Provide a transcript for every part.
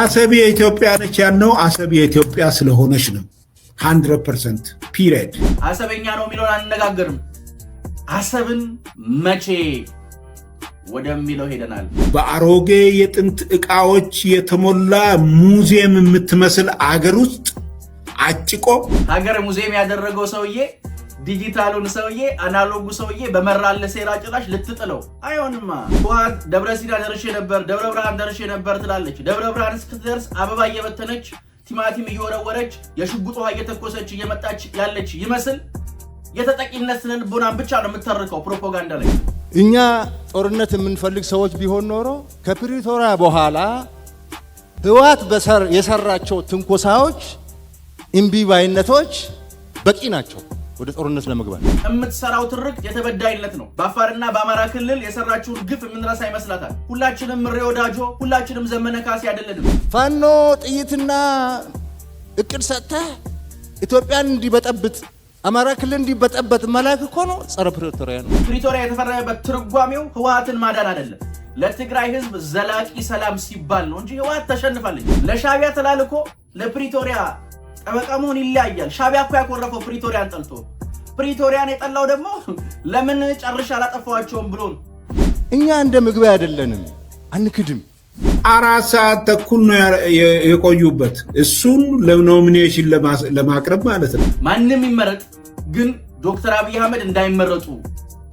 አሰብ የኢትዮጵያ ነች ያነው አሰብ የኢትዮጵያ ስለሆነች ነው። 100 ፒሪድ። አሰበኛ ነው የሚለውን አንነጋገርም። አሰብን መቼ ወደሚለው ሄደናል። በአሮጌ የጥንት ዕቃዎች የተሞላ ሙዚየም የምትመስል አገር ውስጥ አጭቆ ሀገር ሙዚየም ያደረገው ሰውዬ ዲጂታሉን ሰውዬ አናሎጉ ሰውዬ በመራለ ሴራ ጭራሽ ልትጥለው አይሆንማ። ህወሓት ደብረ ሲና ደርሼ ነበር፣ ደብረ ብርሃን ደርሼ ነበር ትላለች። ደብረ ብርሃን እስክትደርስ አበባ እየበተነች ቲማቲም እየወረወረች የሽጉጥ ውሃ እየተኮሰች እየመጣች ያለች ይመስል የተጠቂነት ስነ ልቦናን ብቻ ነው የምትተርከው ፕሮፓጋንዳ ላይ። እኛ ጦርነት የምንፈልግ ሰዎች ቢሆን ኖሮ ከፕሪቶሪያ በኋላ ህወሓት የሰራቸው ትንኮሳዎች፣ እምቢባይነቶች በቂ ናቸው። ወደ ጦርነት ለመግባት የምትሰራው ትርክ የተበዳይነት ነው። በአፋርና በአማራ ክልል የሰራችውን ግፍ የምንረሳ ይመስላታል። ሁላችንም ምሬ ወዳጆ፣ ሁላችንም ዘመነ ካሴ አይደለንም። ፋኖ ጥይትና እቅድ ሰጥተህ ኢትዮጵያን እንዲበጠብጥ አማራ ክልል እንዲበጠበጥ መላክ እኮ ነው። ጸረ ፕሪቶሪያ ነው። ፕሪቶሪያ የተፈረመበት ትርጓሜው ህወሓትን ማዳን አይደለም ለትግራይ ህዝብ ዘላቂ ሰላም ሲባል ነው እንጂ ህወሓት ተሸንፋለች። ለሻቢያ ተላልኮ ለፕሪቶሪያ ጠበቃ መሆን ይለያያል። ሻቢያ እኮ ያኮረፈው ፕሪቶሪያን ጠልቶ ፕሪቶሪያን የጠላው ደግሞ ለምን ጨርሼ አላጠፋቸውም ብሎ ነው። እኛ እንደ ምግብ አይደለንም፣ አንክድም። አራት ሰዓት ተኩል ነው የቆዩበት፣ እሱን ለኖሚኔሽን ለማቅረብ ማለት ነው። ማንም ይመረጥ፣ ግን ዶክተር አብይ አህመድ እንዳይመረጡ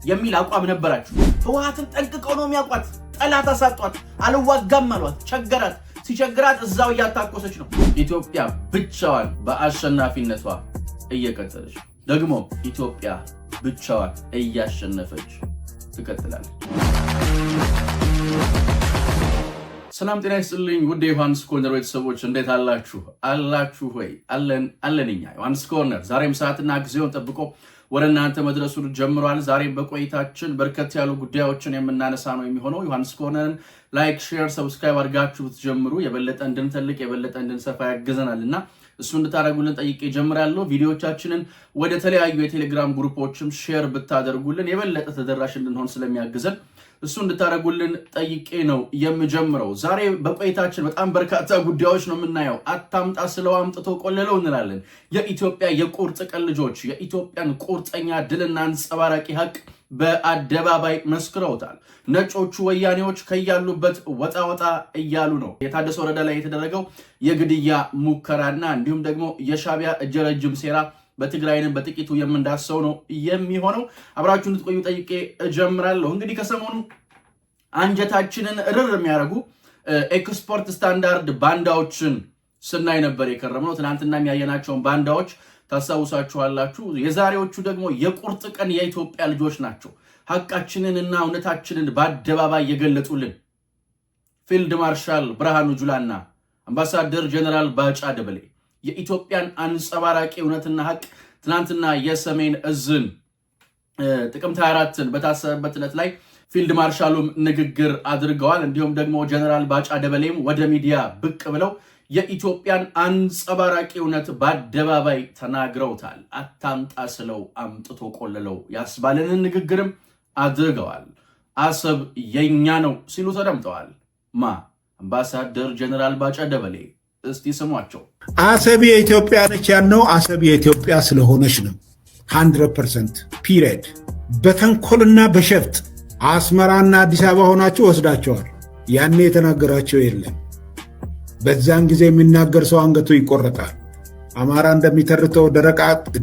የሚል አቋም ነበራችሁ። ህወሓትን ጠንቅቀው ነው የሚያውቋት። ጠላት አሳጧት፣ አልዋጋም አሏት፣ ቸገራት ሲቸግራት እዛው እያታኮሰች ነው። ኢትዮጵያ ብቻዋን በአሸናፊነቷ እየቀጠለች ደግሞ ኢትዮጵያ ብቻዋን እያሸነፈች ትቀጥላለች። ሰላም ጤና ይስጥልኝ። ውድ የዮሐንስ ኮርነር ቤተሰቦች እንዴት አላችሁ? አላችሁ ወይ? አለን አለንኛ። ዮሐንስ ኮርነር ዛሬም ሰዓትና ጊዜውን ጠብቆ ወደ እናንተ መድረሱን ጀምሯል። ዛሬም በቆይታችን በርከት ያሉ ጉዳዮችን የምናነሳ ነው የሚሆነው። ዮሐንስ ኮርነርን ላይክ፣ ሼር፣ ሰብስክራይብ አድርጋችሁ ብትጀምሩ የበለጠ እንድንተልቅ የበለጠ እንድንሰፋ ያግዘናል እና እሱ እንድታደርጉልን ጠይቄ ጀምራለሁ። ቪዲዮዎቻችንን ወደ ተለያዩ የቴሌግራም ግሩፖችም ሼር ብታደርጉልን የበለጠ ተደራሽ እንድንሆን ስለሚያግዘን እሱ እንድታደርጉልን ጠይቄ ነው የምጀምረው። ዛሬ በቆይታችን በጣም በርካታ ጉዳዮች ነው የምናየው። አታምጣ ስለው አምጥቶ ቆለለው እንላለን። የኢትዮጵያ የቁርጥ ቀን ልጆች የኢትዮጵያን ቁርጠኛ ድልና አንጸባራቂ ሀቅ በአደባባይ መስክረውታል። ነጮቹ ወያኔዎች ከያሉበት ወጣ ወጣ እያሉ ነው። የታደሰ ወረዳ ላይ የተደረገው የግድያ ሙከራና እንዲሁም ደግሞ የሻቢያ እጅ ረጅም ሴራ በትግራይንም በጥቂቱ የምንዳሰው ነው የሚሆነው። አብራችሁን ልትቆዩ ጠይቄ እጀምራለሁ። እንግዲህ ከሰሞኑ አንጀታችንን ርር የሚያደርጉ ኤክስፖርት ስታንዳርድ ባንዳዎችን ስናይ ነበር የከረምነው። ትናንትና የሚያየናቸውን ባንዳዎች ታስታውሳችኋላችሁ። የዛሬዎቹ ደግሞ የቁርጥ ቀን የኢትዮጵያ ልጆች ናቸው። ሀቃችንንና እውነታችንን በአደባባይ የገለጡልን ፊልድ ማርሻል ብርሃኑ ጁላና አምባሳደር ጀነራል ባጫ ደበሌ የኢትዮጵያን አንጸባራቂ እውነትና ሀቅ ትናንትና የሰሜን እዝን ጥቅምት 24ን በታሰበበት ዕለት ላይ ፊልድ ማርሻሉም ንግግር አድርገዋል። እንዲሁም ደግሞ ጀነራል ባጫ ደበሌም ወደ ሚዲያ ብቅ ብለው የኢትዮጵያን አንጸባራቂ እውነት በአደባባይ ተናግረውታል። አታምጣ ስለው አምጥቶ ቆልለው ያስባለንን ንግግርም አድርገዋል። አሰብ የኛ ነው ሲሉ ተደምጠዋል። ማ አምባሳደር ጀኔራል ባጫ ደበሌ እስቲ ስሟቸው። አሰብ የኢትዮጵያ ነች ያልነው አሰብ የኢትዮጵያ ስለሆነች ነው። 100 ፒሪድ። በተንኮልና በሸፍጥ አስመራና አዲስ አበባ ሆናችሁ ወስዳቸዋል። ያኔ የተናገራቸው የለም በዚያን ጊዜ የሚናገር ሰው አንገቱ ይቆረጣል። አማራ እንደሚተርተው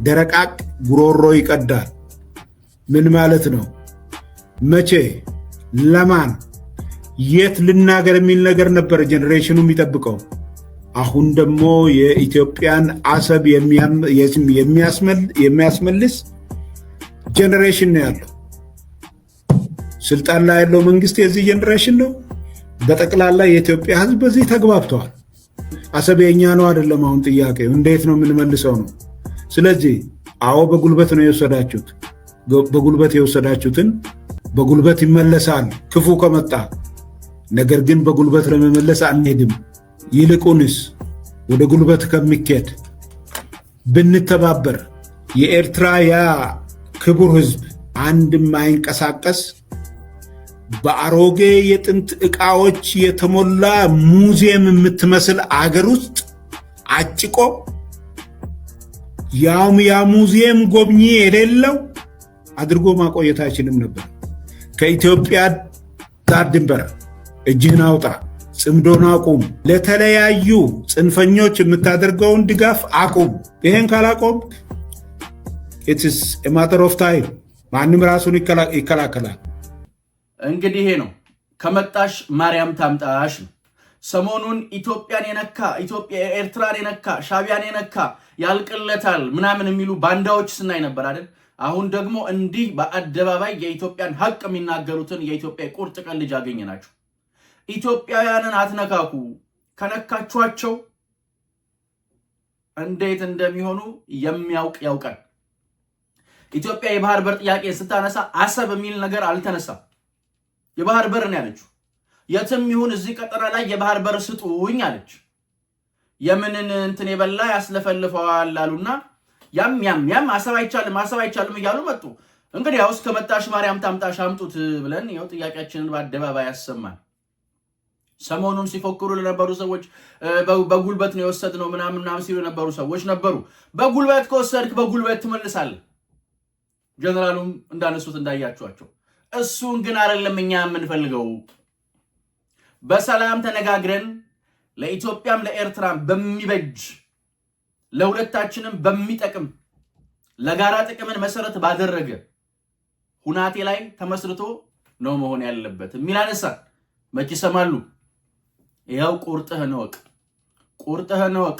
ደረቃቅ ጉሮሮ ይቀዳል። ምን ማለት ነው? መቼ፣ ለማን፣ የት ልናገር የሚል ነገር ነበር ጀኔሬሽኑ የሚጠብቀው። አሁን ደግሞ የኢትዮጵያን አሰብ የሚያስመልስ ጄኔሬሽን ነው ያለው። ስልጣን ላይ ያለው መንግስት የዚህ ጀኔሬሽን ነው። በጠቅላላ የኢትዮጵያ ህዝብ በዚህ ተግባብተዋል። አሰብ ነው አይደለም። አሁን ጥያቄ እንዴት ነው የምንመልሰው ነው። ስለዚህ አዎ በጉልበት ነው የወሰዳችሁት። በጉልበት የወሰዳችሁትን በጉልበት ይመለሳል ክፉ ከመጣ ነገር ግን በጉልበት ለመመለስ አንሄድም። ይልቁንስ ወደ ጉልበት ከሚኬድ ብንተባበር የኤርትራ ያ ክቡር ህዝብ አንድም አይንቀሳቀስ በአሮጌ የጥንት ዕቃዎች የተሞላ ሙዚየም የምትመስል አገር ውስጥ አጭቆ ያውም ያ ሙዚየም ጎብኚ የሌለው አድርጎ ማቆየት አይችልም ነበር። ከኢትዮጵያ ዳር ድንበር እጅህን አውጣ፣ ጽምዶን አቁም፣ ለተለያዩ ጽንፈኞች የምታደርገውን ድጋፍ አቁም። ይሄን ካላቆም ኢትስ ማተር ኦፍ ታይም ማንም ራሱን ይከላከላል። እንግዲህ ይሄ ነው ከመጣሽ ማርያም ታምጣሽ ነው። ሰሞኑን ኢትዮጵያን የነካ ኢትዮጵያ ኤርትራን የነካ ሻቢያን የነካ ያልቅለታል ምናምን የሚሉ ባንዳዎች ስናይ ነበር አይደል? አሁን ደግሞ እንዲህ በአደባባይ የኢትዮጵያን ሀቅ የሚናገሩትን የኢትዮጵያ ቁርጥ ቀን ልጅ አገኘ ናቸው። ኢትዮጵያውያንን አትነካኩ፣ ከነካችኋቸው እንዴት እንደሚሆኑ የሚያውቅ ያውቃል። ኢትዮጵያ የባህር በር ጥያቄ ስታነሳ አሰብ የሚል ነገር አልተነሳም። የባህር በር ነው ያለችው። የትም ይሁን እዚህ ቀጠና ላይ የባህር በር ስጡኝ አለች። የምንን እንትን የበላ ያስለፈልፈዋል አሉና ያም ያም ያም አሰብ አይቻልም አሰብ አይቻልም እያሉ መጡ። እንግዲህ ያው እስከ መጣሽ ማርያም ታምጣሽ አምጡት ብለን ያው ጥያቄያችንን በአደባባይ ያሰማል። ሰሞኑን ሲፎክሩ ለነበሩ ሰዎች በጉልበት ነው የወሰድነው ምናምን ምናምን ሲሉ የነበሩ ሰዎች ነበሩ። በጉልበት ከወሰድክ በጉልበት ትመልሳለህ። ጀነራሉም እንዳነሱት እንዳያችኋቸው እሱን ግን አይደለም እኛ የምንፈልገው። በሰላም ተነጋግረን ለኢትዮጵያም ለኤርትራም በሚበጅ ለሁለታችንም በሚጠቅም ለጋራ ጥቅምን መሰረት ባደረገ ሁናቴ ላይ ተመስርቶ ነው መሆን ያለበት የሚል አነሳ። መች ይሰማሉ? ይኸው ቁርጥህን እወቅ፣ ቁርጥህን እወቅ።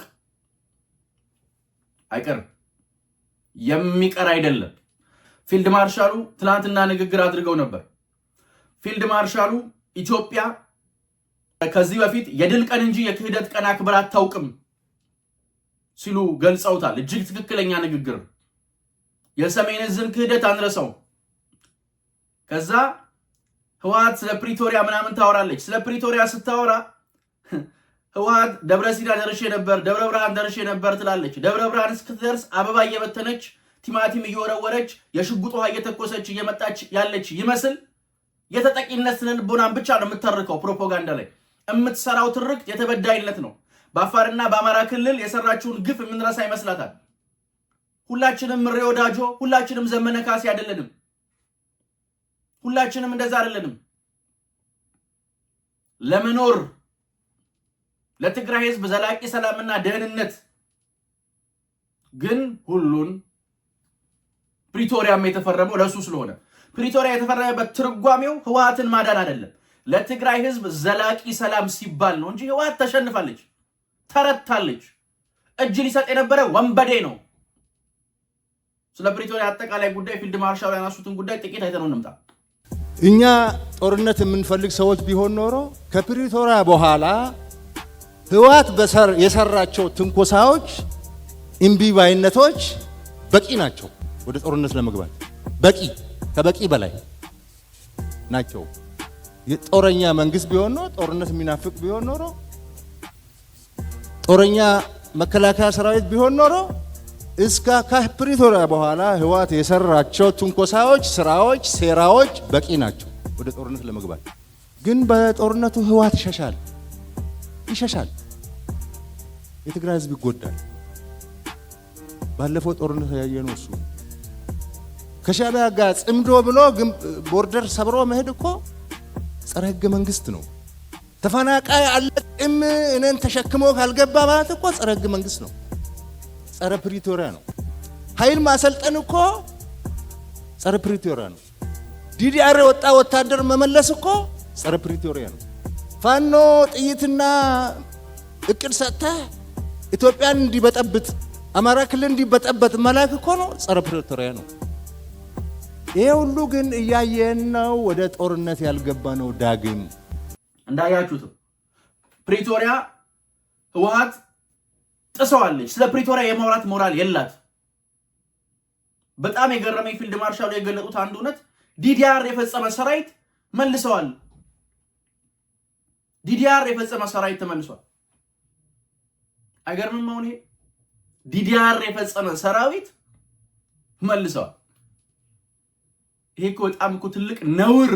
አይቀርም፣ የሚቀር አይደለም። ፊልድ ማርሻሉ ትናንትና ንግግር አድርገው ነበር። ፊልድ ማርሻሉ ኢትዮጵያ ከዚህ በፊት የድል ቀን እንጂ የክህደት ቀን አክብር አታውቅም ሲሉ ገልጸውታል። እጅግ ትክክለኛ ንግግር። የሰሜን ዕዝን ክህደት አንረሰው። ከዛ ህወሀት ስለ ፕሪቶሪያ ምናምን ታወራለች። ስለ ፕሪቶሪያ ስታወራ ህወሀት ደብረ ሲዳ ደርሼ ነበር፣ ደብረ ብርሃን ደርሼ ነበር ትላለች። ደብረ ብርሃን እስክትደርስ አበባ እየበተነች ቲማቲም እየወረወረች የሽጉጥ ውሃ እየተኮሰች እየመጣች ያለች ይመስል የተጠቂነት ስነ ልቦናን ብቻ ነው የምትተርከው። ፕሮፓጋንዳ ላይ የምትሰራው ትርክት የተበዳይነት ነው። በአፋርና በአማራ ክልል የሰራችውን ግፍ የምንረሳ ይመስላታል። ሁላችንም ምሬ ወዳጆ፣ ሁላችንም ዘመነ ካሴ አይደለንም። ሁላችንም እንደዛ አይደለንም። ለመኖር ለትግራይ ህዝብ ዘላቂ ሰላምና ደህንነት ግን ሁሉን ፕሪቶሪያም የተፈረመው ለሱ ስለሆነ ፕሪቶሪያ የተፈረመበት ትርጓሜው ህወሓትን ማዳን አይደለም፣ ለትግራይ ህዝብ ዘላቂ ሰላም ሲባል ነው እንጂ ህወሓት ተሸንፋለች፣ ተረታለች። እጅ ሊሰጥ የነበረ ወንበዴ ነው። ስለ ፕሪቶሪያ አጠቃላይ ጉዳይ ፊልድ ማርሻሉ ያነሱትን ጉዳይ ጥቂት አይተነው እንምጣ። እኛ ጦርነት የምንፈልግ ሰዎች ቢሆን ኖሮ ከፕሪቶሪያ በኋላ ህወሓት የሰራቸው ትንኮሳዎች፣ እምቢባይነቶች በቂ ናቸው። ወደ ጦርነት ለመግባት በቂ ከበቂ በላይ ናቸው። የጦረኛ መንግስት ቢሆን ኖሮ ጦርነት የሚናፍቅ ቢሆን ኖሮ ጦረኛ መከላከያ ሰራዊት ቢሆን ኖሮ እስከ ከፕሪቶሪያ በኋላ ህወሓት የሰራቸው ትንኮሳዎች፣ ስራዎች፣ ሴራዎች በቂ ናቸው ወደ ጦርነት ለመግባት። ግን በጦርነቱ ህወሓት ይሸሻል ይሸሻል። የትግራይ ህዝብ ይጎዳል። ባለፈው ጦርነት ያየነው እሱ ከሻዕቢያ ጋር ጽምዶ ብሎ ቦርደር ሰብሮ መሄድ እኮ ጸረ ህገ መንግስት ነው። ተፈናቃይ አለቅም እኔን ተሸክሞ ካልገባ ማለት እኮ ጸረ ህገ መንግስት ነው፣ ጸረ ፕሪቶሪያ ነው። ኃይል ማሰልጠን እኮ ጸረ ፕሪቶሪያ ነው። ዲዲአር የወጣ ወታደር መመለስ እኮ ጸረ ፕሪቶሪያ ነው። ፋኖ ጥይትና እቅድ ሰጥተህ ኢትዮጵያን እንዲበጠብጥ አማራ ክልል እንዲበጠበጥ መላክ እኮ ነው፣ ጸረ ፕሪቶሪያ ነው። ይሄ ሁሉ ግን እያየን ነው ወደ ጦርነት ያልገባ ነው። ዳግም እንዳያችሁትም ፕሪቶሪያ ህወሀት ጥሰዋለች። ስለ ፕሪቶሪያ የማውራት ሞራል የላት። በጣም የገረመኝ ፊልድ ማርሻሉ የገለጡት አንድ እውነት ዲዲአር የፈጸመ ሰራዊት መልሰዋል። ዲዲአር የፈጸመ ሰራዊት ተመልሷል። አይገርምም? አሁን ይሄ ዲዲአር የፈጸመ ሰራዊት መልሰዋል። ይሄ በጣም እኮ ትልቅ ነውር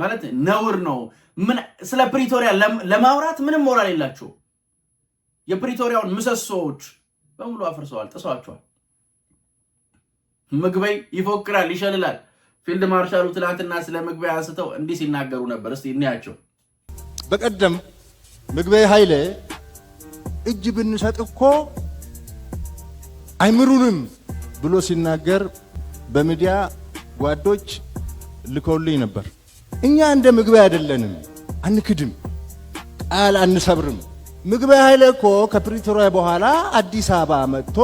ማለት ነውር ነው። ስለ ፕሪቶሪያ ለማውራት ምንም ሞራል የላቸው። የፕሪቶሪያውን ምሰሶዎች በሙሉ አፍርሰዋል፣ ጥሰዋቸዋል። ምግበይ ይፎክራል፣ ይሸልላል። ፊልድ ማርሻሉ ትናንትና ስለ ምግበይ አንስተው እንዲህ ሲናገሩ ነበር። እስቲ እንያቸው። በቀደም ምግበይ ኃይሌ እጅ ብንሰጥ እኮ አይምሩንም ብሎ ሲናገር በሚዲያ ጓዶች ልከውልኝ ነበር። እኛ እንደ ምግብ አይደለንም፣ አንክድም፣ ቃል አንሰብርም። ምግብ ኃይለ እኮ ከፕሪቶሪያ በኋላ አዲስ አበባ መጥቶ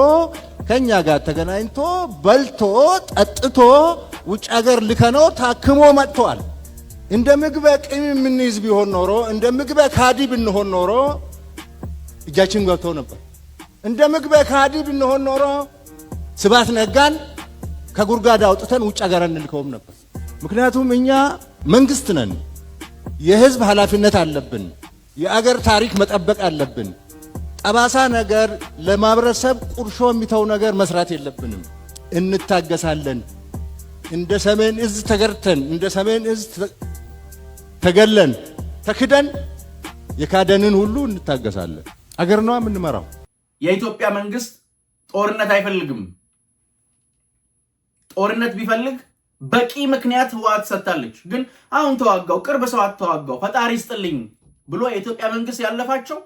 ከእኛ ጋር ተገናኝቶ በልቶ ጠጥቶ ውጭ ሀገር ልከነው ታክሞ መጥተዋል። እንደ ምግቤ ቂም የምንይዝ ቢሆን ኖሮ እንደ ምግቤ ካዲ ብንሆን ኖሮ እጃችን ገብተው ነበር። እንደ ምግቤ ካዲ ብንሆን ኖሮ ስብሐት ነጋን ከጉርጓድ አውጥተን ውጭ ሀገር አንልከውም ነበር። ምክንያቱም እኛ መንግስት ነን፣ የህዝብ ኃላፊነት አለብን፣ የአገር ታሪክ መጠበቅ አለብን። ጠባሳ ነገር ለማህበረሰብ ቁርሾ የሚተው ነገር መስራት የለብንም። እንታገሳለን። እንደ ሰሜን እዝ ተገርተን እንደ ሰሜን እዝ ተገለን ተክደን የካደንን ሁሉ እንታገሳለን። አገር ነዋ የምንመራው። የኢትዮጵያ መንግስት ጦርነት አይፈልግም። ጦርነት ቢፈልግ በቂ ምክንያት ህወሓት ሰጥታለች። ግን አሁን ተዋጋው ቅርብ ሰው ተዋጋው፣ ፈጣሪ ስጥልኝ ብሎ የኢትዮጵያ መንግስት ያለፋቸው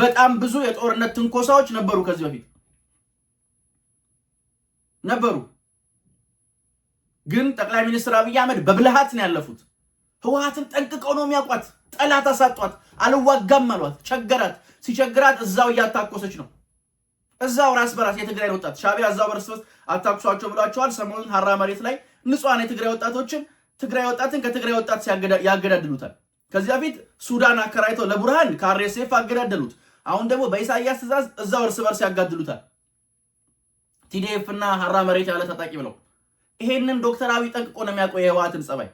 በጣም ብዙ የጦርነት ትንኮሳዎች ነበሩ። ከዚህ በፊት ነበሩ፣ ግን ጠቅላይ ሚኒስትር አብይ አህመድ በብልሃት ነው ያለፉት። ህወሓትን ጠንቅቀው ነው የሚያውቋት። ጠላት አሳጧት፣ አልዋጋም አሏት፣ ቸገራት። ሲቸግራት እዛው እያታኮሰች ነው እዛው ራስ በራስ የትግራይን ወጣት ሻቢያ እዛው በርስ በርስ አታኩሷቸው ብሏቸዋል። ሰሞኑን ሀራ መሬት ላይ ንጹሐን የትግራይ ወጣቶችን ትግራይ ወጣትን ከትግራይ ወጣት ያገዳድሉታል። ከዚህ በፊት ሱዳን አከራይተው ለቡርሃን ከአርኤስኤፍ አገዳደሉት። አሁን ደግሞ በኢሳያስ ትእዛዝ እዛው እርስ በርስ ያጋድሉታል። ቲዲኤፍ እና ሀራ መሬት ያለ ታጣቂ ብለው ይሄንን ዶክተር አብይ ጠንቅቆ ነው የሚያውቀው የህወሓትን ጸባይ።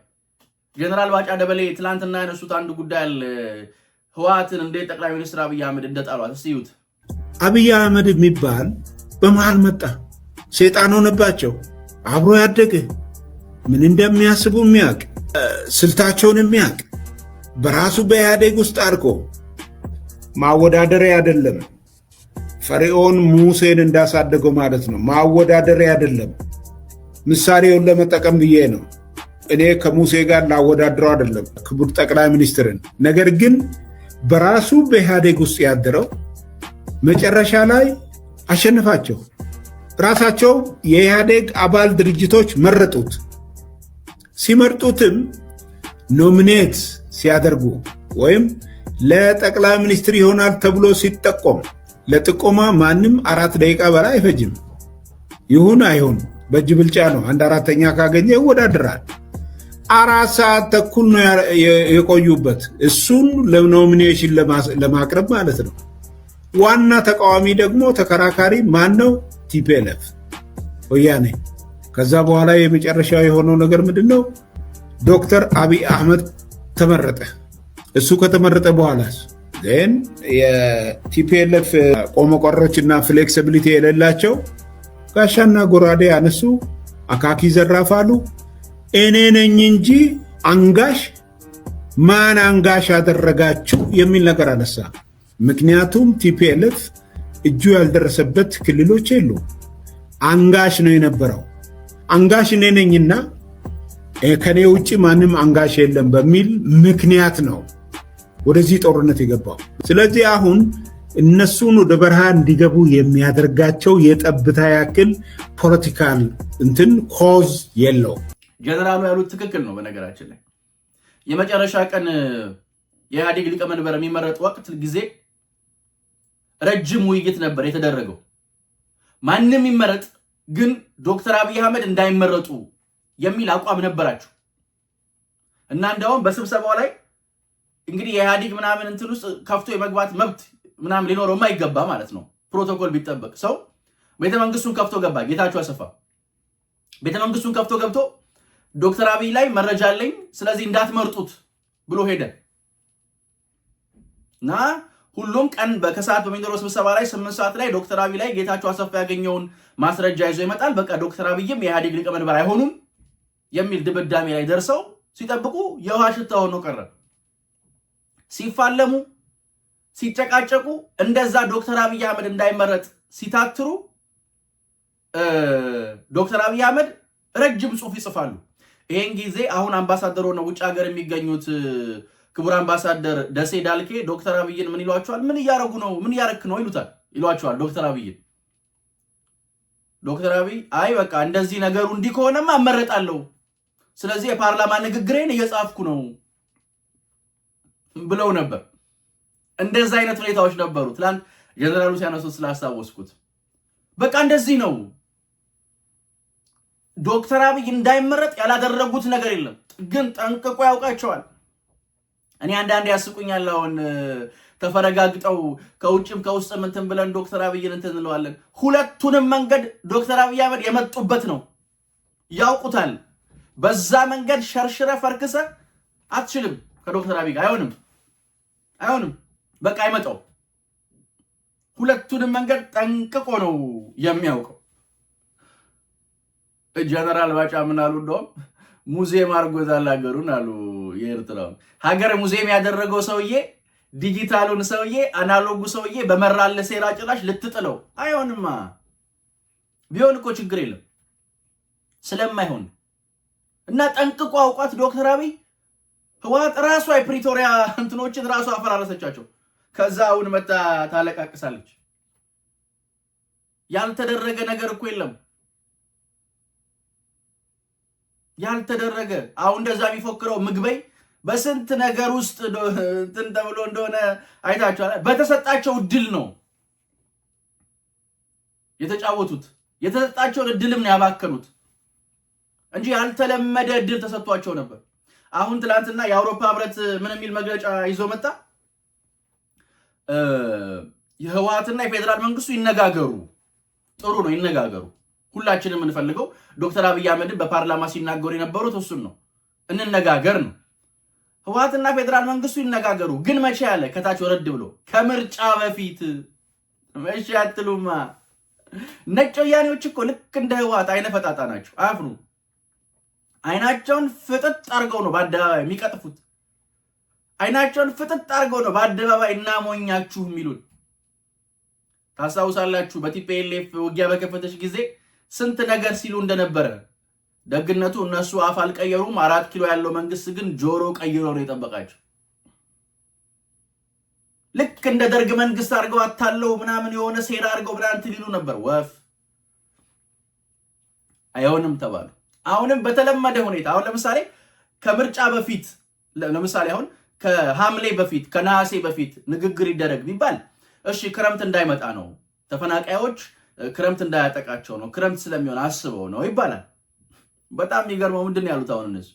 ጀነራል ባጫ ደበሌ ትላንትና ያነሱት አንድ ጉዳይ ህወሓትን እንዴት ጠቅላይ ሚኒስትር አብይ አህመድ እንደጣሏት እስኪ እዩት። አብይ አህመድ የሚባል በመሃል መጣ። ሴጣን ሆነባቸው። አብሮ ያደገ ምን እንደሚያስቡ የሚያውቅ ስልታቸውን የሚያውቅ በራሱ በኢህአዴግ ውስጥ አድርጎ ማወዳደሪያ አይደለም። ፈርዖን ሙሴን እንዳሳደገው ማለት ነው። ማወዳደሪያ አይደለም። ምሳሌውን ለመጠቀም ብዬ ነው። እኔ ከሙሴ ጋር ላወዳድረው አይደለም ክቡር ጠቅላይ ሚኒስትርን። ነገር ግን በራሱ በኢህአዴግ ውስጥ ያደረው መጨረሻ ላይ አሸንፋቸው ራሳቸው የኢህአዴግ አባል ድርጅቶች መረጡት። ሲመርጡትም ኖሚኔት ሲያደርጉ ወይም ለጠቅላይ ሚኒስትር ይሆናል ተብሎ ሲጠቆም ለጥቆማ ማንም አራት ደቂቃ በላይ አይፈጅም። ይሁን አይሁን በእጅ ብልጫ ነው። አንድ አራተኛ ካገኘ ይወዳደራል። አራት ሰዓት ተኩል ነው የቆዩበት፣ እሱን ለኖሚኔሽን ለማቅረብ ማለት ነው። ዋና ተቃዋሚ ደግሞ ተከራካሪ ማን ነው? ቲፔለፍ ወያኔ። ከዛ በኋላ የመጨረሻው የሆነው ነገር ምንድን ነው? ዶክተር አብይ አህመድ ተመረጠ። እሱ ከተመረጠ በኋላ ግን የቲፒኤልኤፍ ቆመቆሮች እና ፍሌክሲቢሊቲ የሌላቸው ጋሻና ጎራዴ ያነሱ አካኪ ዘራፋሉ። እኔ ነኝ እንጂ አንጋሽ ማን አንጋሽ አደረጋችሁ የሚል ነገር አነሳ። ምክንያቱም ቲፒኤልኤፍ እጁ ያልደረሰበት ክልሎች የሉ። አንጋሽ ነው የነበረው። አንጋሽ እኔ ነኝና ከኔ ውጭ ማንም አንጋሽ የለም በሚል ምክንያት ነው ወደዚህ ጦርነት የገባው። ስለዚህ አሁን እነሱን ወደ በረሃ እንዲገቡ የሚያደርጋቸው የጠብታ ያክል ፖለቲካል እንትን ኮዝ የለው። ጀነራሉ ያሉት ትክክል ነው። በነገራችን ላይ የመጨረሻ ቀን የኢህአዴግ ሊቀመንበር የሚመረጥ ወቅት ጊዜ ረጅም ውይይት ነበር የተደረገው። ማንም ይመረጥ፣ ግን ዶክተር አብይ አህመድ እንዳይመረጡ የሚል አቋም ነበራችሁ እና እንዲያውም በስብሰባው ላይ እንግዲህ የኢህአዴግ ምናምን እንትን ውስጥ ከፍቶ የመግባት መብት ምናምን ሊኖረው የማይገባ ማለት ነው። ፕሮቶኮል ቢጠበቅ ሰው ቤተመንግስቱን ከፍቶ ገባ። ጌታቸው አሰፋ ቤተመንግስቱን ከፍቶ ገብቶ ዶክተር አብይ ላይ መረጃ አለኝ፣ ስለዚህ እንዳትመርጡት ብሎ ሄደ እና ሁሉም ቀን ከሰዓት በሚኖረው ስብሰባ ላይ ስምንት ሰዓት ላይ ዶክተር አብይ ላይ ጌታቸው አሰፋ ያገኘውን ማስረጃ ይዞ ይመጣል። በቃ ዶክተር አብይም የኢህአዴግ ሊቀመንበር አይሆኑም የሚል ድምዳሜ ላይ ደርሰው ሲጠብቁ የውሃ ሽታ ሆኖ ቀረ። ሲፋለሙ፣ ሲጨቃጨቁ እንደዛ ዶክተር አብይ አህመድ እንዳይመረጥ ሲታትሩ ዶክተር አብይ አህመድ ረጅም ጽሁፍ ይጽፋሉ። ይህን ጊዜ አሁን አምባሳደር ሆነው ውጭ ሀገር የሚገኙት ክቡር አምባሳደር ደሴ ዳልኬ ዶክተር አብይን ምን ይሏቸዋል? ምን እያረጉ ነው? ምን እያረክ ነው ይሉታል፣ ይሏቸዋል ዶክተር አብይን። ዶክተር አብይ አይ በቃ እንደዚህ ነገሩ እንዲህ ከሆነማ አመረጣለሁ፣ ስለዚህ የፓርላማ ንግግሬን እየጻፍኩ ነው ብለው ነበር። እንደዛ አይነት ሁኔታዎች ነበሩ። ትላንት ጀነራሉ ሲያነሱት ስላስታወስኩት በቃ እንደዚህ ነው። ዶክተር አብይ እንዳይመረጥ ያላደረጉት ነገር የለም፣ ግን ጠንቅቆ ያውቃቸዋል። እኔ አንዳንድ ያስቁኛል። አሁን ተፈረጋግጠው ከውጭም ከውስጥም እንትን ብለን ዶክተር አብይን እንትን እንለዋለን። ሁለቱንም መንገድ ዶክተር አብይ አህመድ የመጡበት ነው ያውቁታል። በዛ መንገድ ሸርሽረ ፈርክሰ አትችልም። ከዶክተር አብይ ጋር አይሆንም፣ አይሆንም። በቃ አይመጣው። ሁለቱንም መንገድ ጠንቅቆ ነው የሚያውቀው። ጀነራል ባጫ ምን አሉ እንደውም ሙዚየም አድርጎታል ሀገሩን አሉ። የኤርትራውን ሀገር ሙዚየም ያደረገው ሰውዬ ዲጂታሉን ሰውዬ አናሎጉ ሰውዬ በመራለ ሴራ ጭራሽ ልትጥለው አይሆንማ። ቢሆን እኮ ችግር የለም ስለማይሆን እና ጠንቅቆ አውቋት ዶክተር አብይ ህወሓት ራሷ የፕሪቶሪያ እንትኖችን ራሷ አፈራረሰቻቸው። ከዛ አሁን መታ ታለቃቅሳለች። ያልተደረገ ነገር እኮ የለም። ያልተደረገ አሁን እንደዛ የሚፎክረው ምግበይ በስንት ነገር ውስጥ እንትን ተብሎ እንደሆነ አይታችኋል። በተሰጣቸው እድል ነው የተጫወቱት። የተሰጣቸውን እድልም ነው ያባከኑት እንጂ ያልተለመደ እድል ተሰጥቷቸው ነበር። አሁን ትላንትና የአውሮፓ ህብረት ምን የሚል መግለጫ ይዞ መጣ? የህወሓትና የፌዴራል መንግስቱ ይነጋገሩ። ጥሩ ነው፣ ይነጋገሩ ሁላችንም የምንፈልገው ዶክተር አብይ አህመድን በፓርላማ ሲናገሩ የነበሩት እሱን ነው። እንነጋገር ነው። ህወሓትና ፌዴራል መንግስቱ ይነጋገሩ። ግን መቼ ያለ ከታች ወረድ ብሎ ከምርጫ በፊት መቼ አትሉማ። ነጭ ወያኔዎች እኮ ልክ እንደ ህወሓት አይነ ፈጣጣ ናቸው። አፍሩ አይናቸውን ፍጥጥ አድርገው ነው በአደባባይ የሚቀጥፉት። አይናቸውን ፍጥጥ አድርገው ነው በአደባባይ እናሞኛችሁ የሚሉን። ታስታውሳላችሁ በቲፒኤልኤፍ ውጊያ በከፈተች ጊዜ ስንት ነገር ሲሉ እንደነበረ ደግነቱ እነሱ አፍ አልቀየሩም። አራት ኪሎ ያለው መንግስት ግን ጆሮ ቀይሮ ነው የጠበቃቸው። ልክ እንደ ደርግ መንግስት አድርገው አታለው ምናምን የሆነ ሴራ አድርገው ብናንት ሊሉ ነበር። ወፍ አይሆንም ተባሉ። አሁንም በተለመደ ሁኔታ አሁን ለምሳሌ ከምርጫ በፊት ለምሳሌ አሁን ከሐምሌ በፊት ከነሐሴ በፊት ንግግር ይደረግ ቢባል እሺ፣ ክረምት እንዳይመጣ ነው ተፈናቃዮች ክረምት እንዳያጠቃቸው ነው፣ ክረምት ስለሚሆን አስበው ነው ይባላል። በጣም የሚገርመው ምንድን ያሉት አሁን እነሱ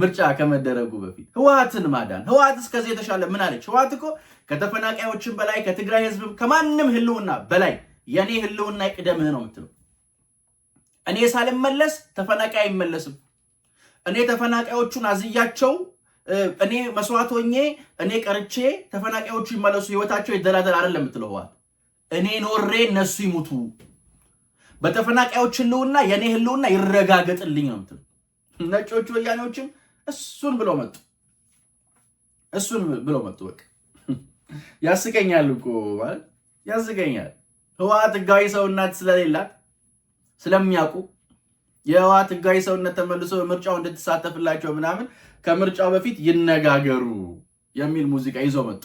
ምርጫ ከመደረጉ በፊት ህወሓትን ማዳን። ህወሓት እስከዚህ የተሻለ ምን አለች? ህወሓት እኮ ከተፈናቃዮችን በላይ ከትግራይ ህዝብ ከማንም ህልውና በላይ የእኔ ህልውና ቅደምህ ነው የምትለው። እኔ ሳልመለስ ተፈናቃይ አይመለስም። እኔ ተፈናቃዮቹን አዝያቸው እኔ መስዋዕት ሆኜ እኔ ቀርቼ ተፈናቃዮቹ ይመለሱ ህይወታቸው ይደላደል አይደለም የምትለው ህወሓት እኔ ኖሬ እነሱ ይሙቱ፣ በተፈናቃዮች ህልውና የእኔ ህልውና ይረጋገጥልኝ ነው ምትል። ነጮቹ ወያኔዎችም እሱን ብለው መጡ፣ እሱን ብለው መጡ። በቃ ያስቀኛል እኮ ማለት ያስቀኛል። ህወሓት ህጋዊ ሰውነት ስለሌላት ስለሚያውቁ የህወሓት ህጋዊ ሰውነት ተመልሶ ምርጫው እንድትሳተፍላቸው ምናምን ከምርጫው በፊት ይነጋገሩ የሚል ሙዚቃ ይዘው መጡ።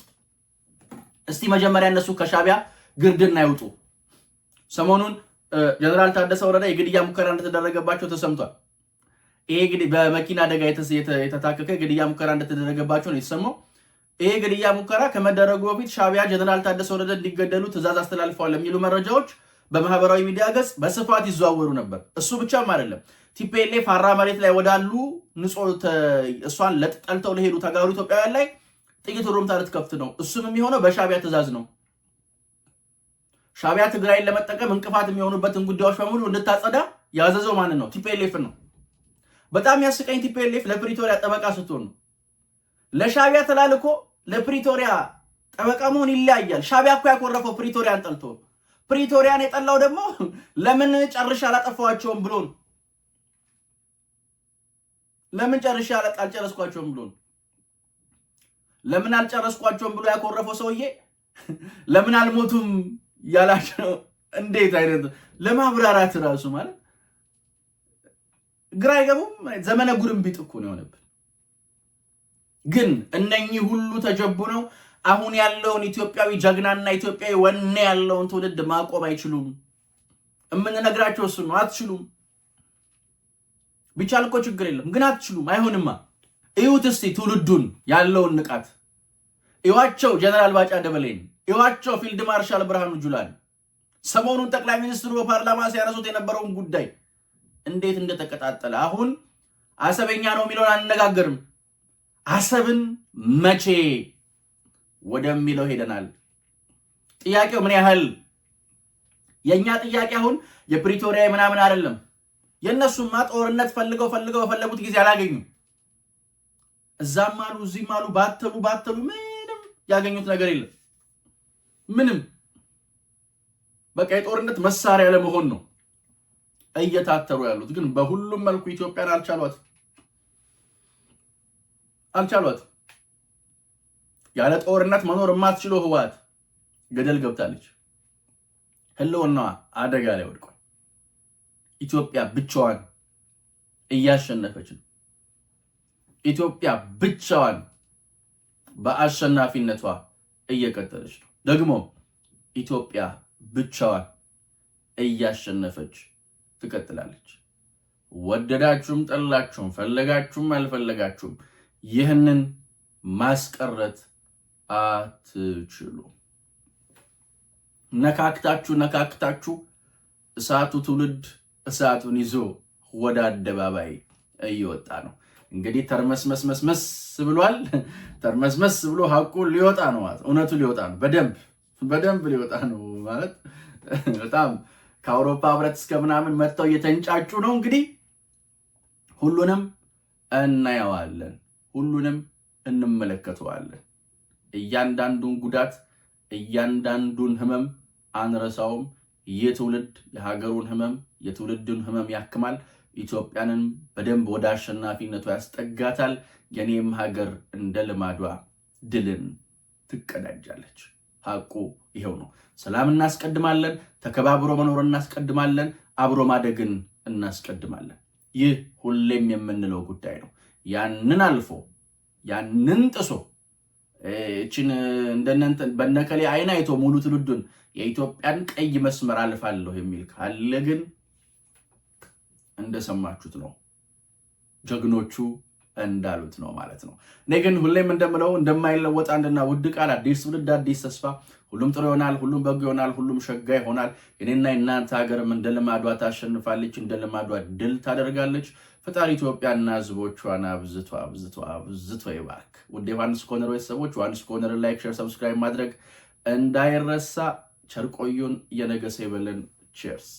እስቲ መጀመሪያ እነሱ ከሻቢያ ግርድና ይውጡ። ሰሞኑን ጀነራል ታደሰ ወረዳ የግድያ ሙከራ እንደተደረገባቸው ተሰምቷል። ይሄ በመኪና አደጋ የተታከከ ግድያ ሙከራ እንደተደረገባቸው ነው የተሰማው። ይሄ ግድያ ሙከራ ከመደረጉ በፊት ሻቢያ ጀነራል ታደሰ ወረደ እንዲገደሉ ትዕዛዝ አስተላልፈዋል የሚሉ መረጃዎች በማህበራዊ ሚዲያ ገጽ በስፋት ይዘዋወሩ ነበር። እሱ ብቻም አይደለም። ቲፒኤልኤፍ ሀራ መሬት ላይ ወዳሉ ንጹህ እሷን ለጠልተው ለሄዱ ተጋሩ ኢትዮጵያውያን ላይ ጥይት ሩምታ ልትከፍት ነው። እሱም የሚሆነው በሻቢያ ትዕዛዝ ነው። ሻቢያ ትግራይን ለመጠቀም እንቅፋት የሚሆኑበትን ጉዳዮች በሙሉ እንድታጸዳ ያዘዘው ማንን ነው? ቲፒኤልኤፍ ነው። በጣም ያስቀኝ ቲፒኤልኤፍ ለፕሪቶሪያ ጠበቃ ስትሆን ነው። ለሻቢያ ተላልኮ ለፕሪቶሪያ ጠበቃ መሆን ይለያያል። ሻቢያ እኮ ያኮረፈው ፕሪቶሪያን ጠልቶ ፕሪቶሪያን የጠላው ደግሞ ለምን ጨርሼ አላጠፋኋቸውም ብሎ ነው። ለምን ጨርሼ አልጨረስኳቸውም ብሎ ነው። ለምን አልጨረስኳቸውም ብሎ ያኮረፈው ሰውዬ ለምን አልሞቱም ያላቸው እንዴት አይነት ለማብራራት እራሱ ማለት ግራ አይገቡም። ዘመነ ጉርምቢጥ እኮ ነው የሆነብን። ግን እነኚህ ሁሉ ተጀቡ ነው አሁን ያለውን ኢትዮጵያዊ ጀግናና ኢትዮጵያዊ ወኔ ያለውን ትውልድ ማቆም አይችሉም። የምንነግራቸው እሱ ነው። አትችሉም። ብቻ ልኮ ችግር የለም ግን አትችሉም። አይሆንማ። እዩት እስቲ ትውልዱን ያለውን ንቃት እዋቸው ጀነራል ባጫ ደበሌን፣ እዋቸው ፊልድ ማርሻል ብርሃኑ ጁላን ሰሞኑን ጠቅላይ ሚኒስትሩ በፓርላማ ሲያነሱት የነበረውን ጉዳይ እንዴት እንደተቀጣጠለ አሁን አሰበኛ ነው የሚለውን አንነጋገርም። አሰብን መቼ ወደሚለው ሄደናል። ጥያቄው ምን ያህል የእኛ ጥያቄ አሁን የፕሪቶሪያ ምናምን አይደለም። የእነሱማ ጦርነት ፈልገው ፈልገው በፈለጉት ጊዜ አላገኙም። እዛም አሉ እዚህም አሉ ባተሉ ባተሉ ያገኙት ነገር የለም። ምንም በቃ የጦርነት መሳሪያ ለመሆን ነው እየታተሩ ያሉት። ግን በሁሉም መልኩ ኢትዮጵያን አልቻሏት አልቻሏት። ያለ ጦርነት መኖር የማትችለው ህወሓት ገደል ገብታለች። ህልውናዋ አደጋ ላይ ወድቋል። ኢትዮጵያ ብቻዋን እያሸነፈች ነው። ኢትዮጵያ ብቻዋን በአሸናፊነቷ እየቀጠለች ነው። ደግሞ ኢትዮጵያ ብቻዋን እያሸነፈች ትቀጥላለች። ወደዳችሁም ጠላችሁም፣ ፈለጋችሁም አልፈለጋችሁም ይህንን ማስቀረት አትችሉ። ነካክታችሁ ነካክታችሁ እሳቱ ትውልድ እሳቱን ይዞ ወደ አደባባይ እየወጣ ነው። እንግዲህ ተርመስመስመስመስ ብሏል። ተርመስመስ ብሎ ሀቁ ሊወጣ ነው ማለት እውነቱ ሊወጣ ነው። በደንብ በደንብ ሊወጣ ነው ማለት በጣም ከአውሮፓ ህብረት እስከ ምናምን መጥተው እየተንጫጩ ነው። እንግዲህ ሁሉንም እናየዋለን፣ ሁሉንም እንመለከተዋለን። እያንዳንዱን ጉዳት፣ እያንዳንዱን ህመም አንረሳውም። ይህ ትውልድ የሀገሩን ህመም የትውልዱን ህመም ያክማል። ኢትዮጵያንን በደንብ ወደ አሸናፊነቷ ያስጠጋታል። የኔም ሀገር እንደ ልማዷ ድልን ትቀዳጃለች። ሀቁ ይኸው ነው። ሰላም እናስቀድማለን፣ ተከባብሮ መኖር እናስቀድማለን፣ አብሮ ማደግን እናስቀድማለን። ይህ ሁሌም የምንለው ጉዳይ ነው። ያንን አልፎ ያንን ጥሶ እችን በነከሌ አይን አይቶ ሙሉ ትውልዱን የኢትዮጵያን ቀይ መስመር አልፋለሁ የሚል ካለ ግን እንደሰማችሁት ነው፣ ጀግኖቹ እንዳሉት ነው ማለት ነው። እኔ ግን ሁሌም እንደምለው እንደማይለወጥ አንድና ውድ ቃል፣ አዲስ ትውልድ፣ አዲስ ተስፋ፣ ሁሉም ጥሩ ይሆናል፣ ሁሉም በጎ ይሆናል፣ ሁሉም ሸጋ ይሆናል። የኔና የእናንተ ሀገርም እንደ ልማዷ ታሸንፋለች፣ እንደ ልማዷ ድል ታደርጋለች። ፈጣሪ ኢትዮጵያና ሕዝቦቿን አብዝቶ አብዝቶ አብዝቶ ይባርክ። ውድ ዮሐንስ ኮርነር ቤተሰቦች ዮሐንስ ኮነር ላይክ፣ ሼር፣ ሰብስክራይብ ማድረግ እንዳይረሳ። ቸርቆዩን የነገሰ ይበለን። ቼርስ